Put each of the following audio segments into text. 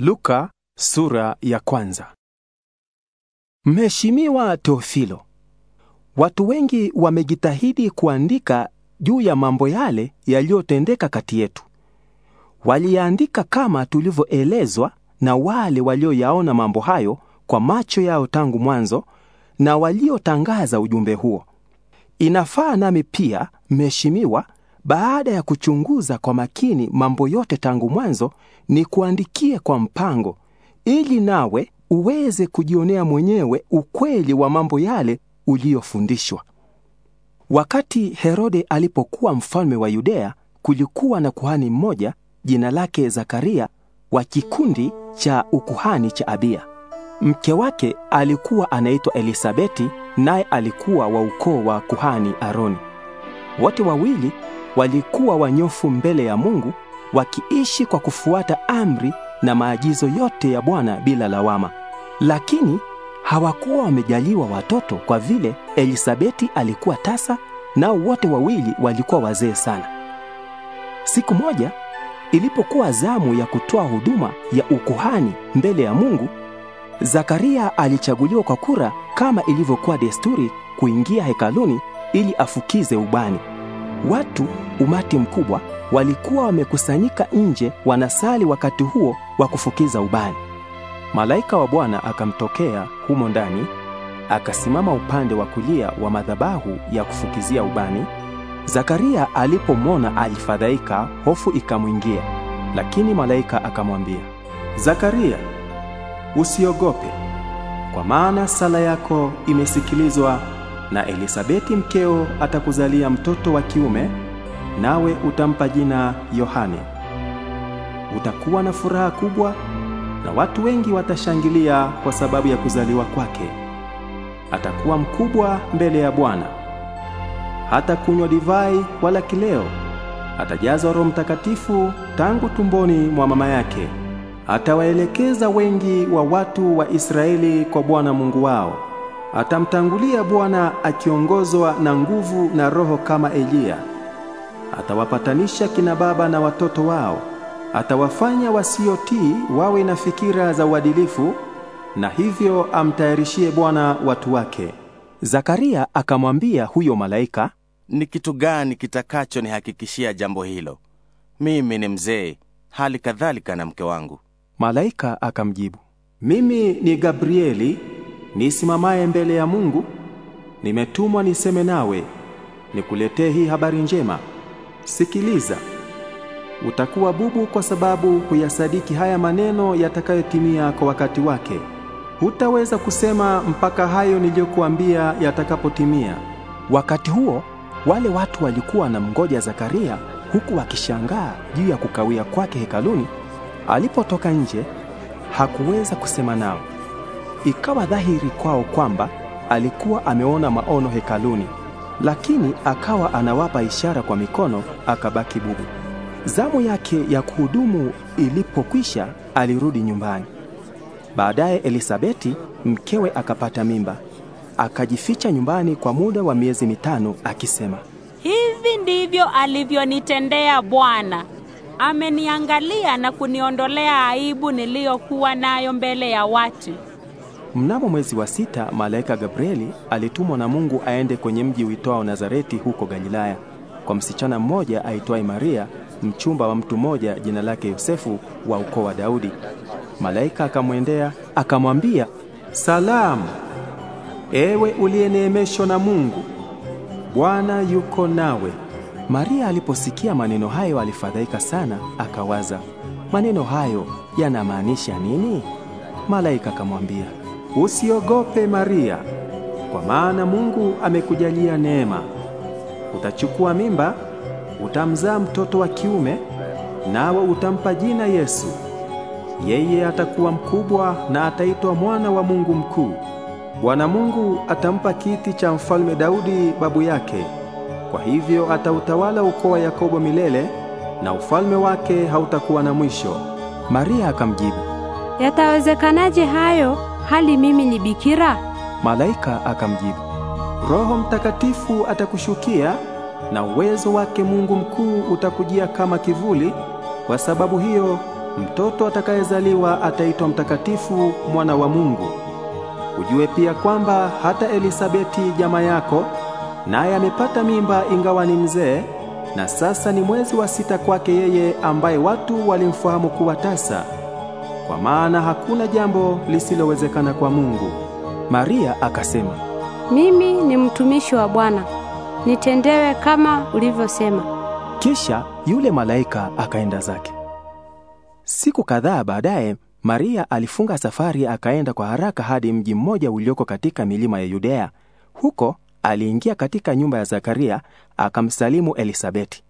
Luka sura ya kwanza. Mheshimiwa Teofilo, watu wengi wamejitahidi kuandika juu ya mambo yale yaliyotendeka kati yetu. Waliyaandika kama tulivyoelezwa na wale walioyaona mambo hayo kwa macho yao tangu mwanzo na waliotangaza ujumbe huo. Inafaa nami pia mheshimiwa baada ya kuchunguza kwa makini mambo yote tangu mwanzo, ni kuandikie kwa mpango, ili nawe uweze kujionea mwenyewe ukweli wa mambo yale uliyofundishwa. Wakati Herode alipokuwa mfalme wa Yudea, kulikuwa na kuhani mmoja jina lake Zakaria wa kikundi cha ukuhani cha Abia. Mke wake alikuwa anaitwa Elisabeti, naye alikuwa wa ukoo wa kuhani Aroni. Wote wawili walikuwa wanyofu mbele ya Mungu wakiishi kwa kufuata amri na maagizo yote ya Bwana bila lawama. Lakini hawakuwa wamejaliwa watoto kwa vile Elisabeti alikuwa tasa, nao wote wawili walikuwa wazee sana. Siku moja ilipokuwa zamu ya kutoa huduma ya ukuhani mbele ya Mungu, Zakaria alichaguliwa kwa kura kama ilivyokuwa desturi kuingia hekaluni ili afukize ubani. Watu umati mkubwa walikuwa wamekusanyika nje wanasali wakati huo wa kufukiza ubani. Malaika wa Bwana akamtokea humo ndani, akasimama upande wa kulia wa madhabahu ya kufukizia ubani. Zakaria alipomwona alifadhaika, hofu ikamwingia. Lakini malaika akamwambia, Zakaria, usiogope, kwa maana sala yako imesikilizwa na Elisabeti mkeo atakuzalia mtoto wa kiume, nawe utampa jina Yohane. Utakuwa na furaha kubwa na watu wengi watashangilia kwa sababu ya kuzaliwa kwake. Atakuwa mkubwa mbele ya Bwana. Hata kunywa divai wala kileo, atajazwa Roho Mtakatifu tangu tumboni mwa mama yake. Atawaelekeza wengi wa watu wa Israeli kwa Bwana Mungu wao. Atamtangulia Bwana akiongozwa na nguvu na Roho kama Eliya. Atawapatanisha kina baba na watoto wao, atawafanya wasiotii wawe na fikira za uadilifu, na hivyo amtayarishie Bwana watu wake. Zakaria akamwambia huyo malaika, ni kitu gani kitakacho nihakikishia jambo hilo? Mimi ni mzee, hali kadhalika na mke wangu. Malaika akamjibu, mimi ni Gabrieli nisimamaye mbele ya Mungu, nimetumwa niseme nawe, nikuletee hii habari njema. Sikiliza, utakuwa bubu kwa sababu huyasadiki haya maneno yatakayotimia kwa wakati wake. Hutaweza kusema mpaka hayo niliyokuambia yatakapotimia. Wakati huo wale watu walikuwa na mngoja Zakaria huku wakishangaa juu ya kukawia kwake hekaluni. Alipotoka nje hakuweza kusema nao ikawa dhahiri kwao kwamba alikuwa ameona maono hekaluni, lakini akawa anawapa ishara kwa mikono, akabaki bubu. Zamu yake ya kuhudumu ilipokwisha, alirudi nyumbani. Baadaye Elisabeti mkewe akapata mimba, akajificha nyumbani kwa muda wa miezi mitano akisema, hivi ndivyo alivyonitendea Bwana. Ameniangalia na kuniondolea aibu niliyokuwa nayo mbele ya watu. Mnamo mwezi wa sita, malaika Gabrieli alitumwa na Mungu aende kwenye mji uitwao Nazareti huko Galilaya, kwa msichana mmoja aitwaye Maria, mchumba wa mtu mmoja jina lake Yosefu wa ukoo wa Daudi. Malaika akamwendea akamwambia, salamu ewe uliyeneemeshwa na Mungu, Bwana yuko nawe. Maria aliposikia maneno hayo alifadhaika sana, akawaza maneno hayo yanamaanisha nini? Malaika akamwambia Usiogope Maria, kwa maana Mungu amekujalia neema. Utachukua mimba, utamzaa mtoto wa kiume, nawe utampa jina Yesu. Yeye atakuwa mkubwa na ataitwa mwana wa Mungu mkuu. Bwana Mungu atampa kiti cha mfalme Daudi babu yake. Kwa hivyo atautawala ukoo wa Yakobo milele na ufalme wake hautakuwa na mwisho. Maria akamjibu, Yatawezekanaje hayo? hali mimi ni bikira? Malaika akamjibu, Roho Mtakatifu atakushukia na uwezo wake Mungu mkuu utakujia kama kivuli. Kwa sababu hiyo, mtoto atakayezaliwa ataitwa mtakatifu, mwana wa Mungu. Ujue pia kwamba hata Elisabeti jamaa yako naye amepata mimba ingawa ni mzee, na sasa ni mwezi wa sita kwake yeye ambaye watu walimfahamu kuwa tasa kwa maana hakuna jambo lisilowezekana kwa Mungu. Maria akasema, mimi ni mtumishi wa Bwana, nitendewe kama ulivyosema. Kisha yule malaika akaenda zake. Siku kadhaa baadaye, Maria alifunga safari, akaenda kwa haraka hadi mji mmoja ulioko katika milima ya Yudea. Huko aliingia katika nyumba ya Zakaria, akamsalimu Elisabeti.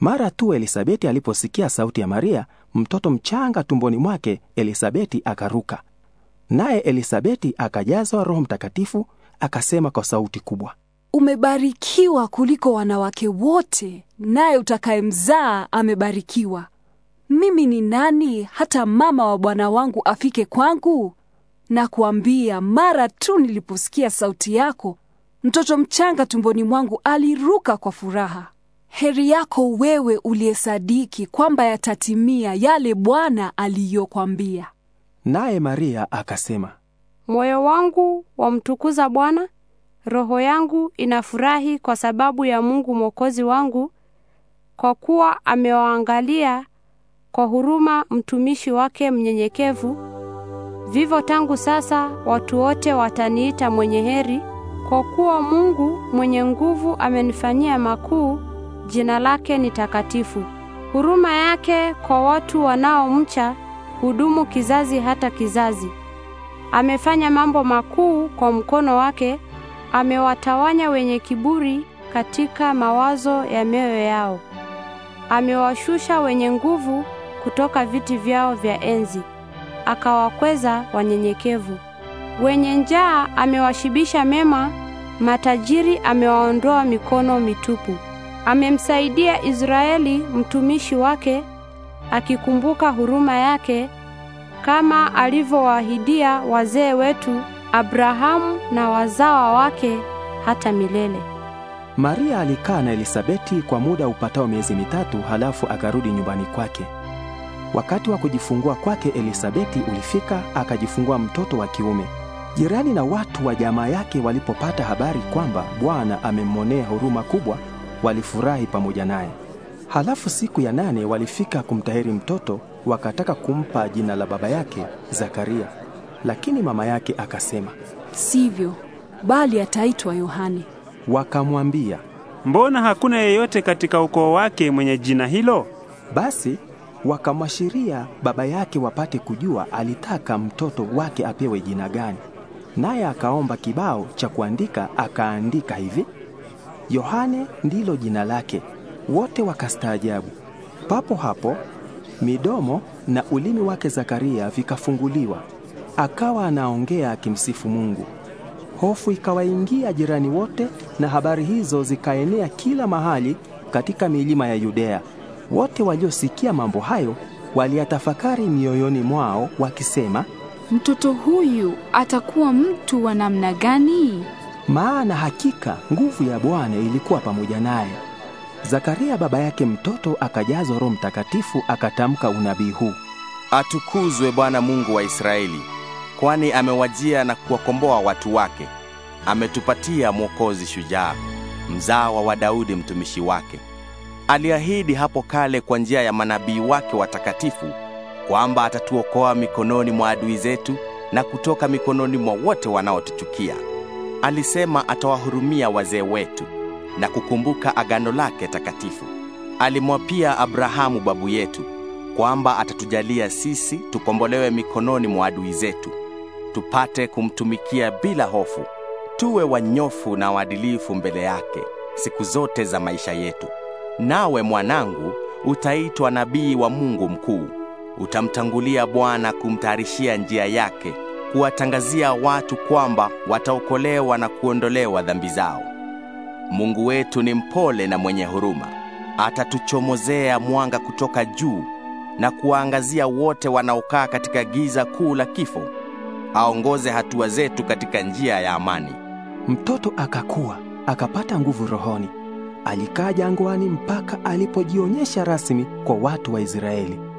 Mara tu Elisabeti aliposikia sauti ya Maria, mtoto mchanga tumboni mwake Elisabeti akaruka, naye Elisabeti akajazwa Roho Mtakatifu, akasema kwa sauti kubwa, umebarikiwa kuliko wanawake wote, naye utakayemzaa amebarikiwa. Mimi ni nani hata mama wa Bwana wangu afike kwangu? Na kuambia mara tu niliposikia sauti yako, mtoto mchanga tumboni mwangu aliruka kwa furaha. Heri yako wewe uliyesadiki kwamba yatatimia yale Bwana aliyokwambia. Naye Maria akasema, moyo wangu wamtukuza Bwana, roho yangu inafurahi kwa sababu ya Mungu mwokozi wangu, kwa kuwa amewaangalia kwa huruma mtumishi wake mnyenyekevu. Vivyo tangu sasa watu wote wataniita mwenye heri, kwa kuwa Mungu mwenye nguvu amenifanyia makuu jina lake ni takatifu. Huruma yake kwa watu wanaomcha hudumu kizazi hata kizazi. Amefanya mambo makuu kwa mkono wake, amewatawanya wenye kiburi katika mawazo ya mioyo yao. Amewashusha wenye nguvu kutoka viti vyao vya enzi, akawakweza wanyenyekevu. Wenye njaa amewashibisha mema, matajiri amewaondoa mikono mitupu amemsaidia Israeli mtumishi wake akikumbuka huruma yake kama alivyoahidia wazee wetu Abrahamu na wazawa wake hata milele. Maria alikaa na Elisabeti kwa muda upatao miezi mitatu, halafu akarudi nyumbani kwake. Wakati wa kujifungua kwake Elisabeti ulifika, akajifungua mtoto wa kiume. Jirani na watu wa jamaa yake walipopata habari kwamba Bwana amemwonea huruma kubwa, walifurahi pamoja naye. Halafu siku ya nane walifika kumtahiri mtoto, wakataka kumpa jina la baba yake Zakaria, lakini mama yake akasema, sivyo, bali ataitwa Yohane. Wakamwambia, mbona hakuna yeyote katika ukoo wake mwenye jina hilo? Basi wakamwashiria baba yake wapate kujua alitaka mtoto wake apewe jina gani. Naye akaomba kibao cha kuandika, akaandika hivi: Yohane ndilo jina lake. Wote wakastaajabu. Papo hapo midomo na ulimi wake Zakaria vikafunguliwa, akawa anaongea akimsifu Mungu. Hofu ikawaingia jirani wote, na habari hizo zikaenea kila mahali katika milima ya Yudea. Wote waliosikia mambo hayo waliyatafakari mioyoni mwao, wakisema, mtoto huyu atakuwa mtu wa namna gani? maana hakika nguvu ya Bwana ilikuwa pamoja naye. Zakaria baba yake mtoto akajazwa Roho Mtakatifu akatamka unabii huu: Atukuzwe Bwana Mungu wa Israeli, kwani amewajia na kuwakomboa watu wake. Ametupatia mwokozi shujaa, mzawa wa Daudi mtumishi wake. Aliahidi hapo kale kwa njia ya manabii wake watakatifu kwamba atatuokoa mikononi mwa adui zetu na kutoka mikononi mwa wote wanaotuchukia. Alisema atawahurumia wazee wetu na kukumbuka agano lake takatifu. Alimwapia Abrahamu babu yetu kwamba atatujalia sisi tukombolewe mikononi mwa adui zetu, tupate kumtumikia bila hofu, tuwe wanyofu na waadilifu mbele yake siku zote za maisha yetu. Nawe mwanangu, utaitwa nabii wa Mungu mkuu. Utamtangulia Bwana kumtayarishia njia yake kuwatangazia watu kwamba wataokolewa na kuondolewa dhambi zao. Mungu wetu ni mpole na mwenye huruma, atatuchomozea mwanga kutoka juu na kuwaangazia wote wanaokaa katika giza kuu la kifo, aongoze hatua zetu katika njia ya amani. Mtoto akakua akapata nguvu rohoni, alikaa jangwani mpaka alipojionyesha rasmi kwa watu wa Israeli.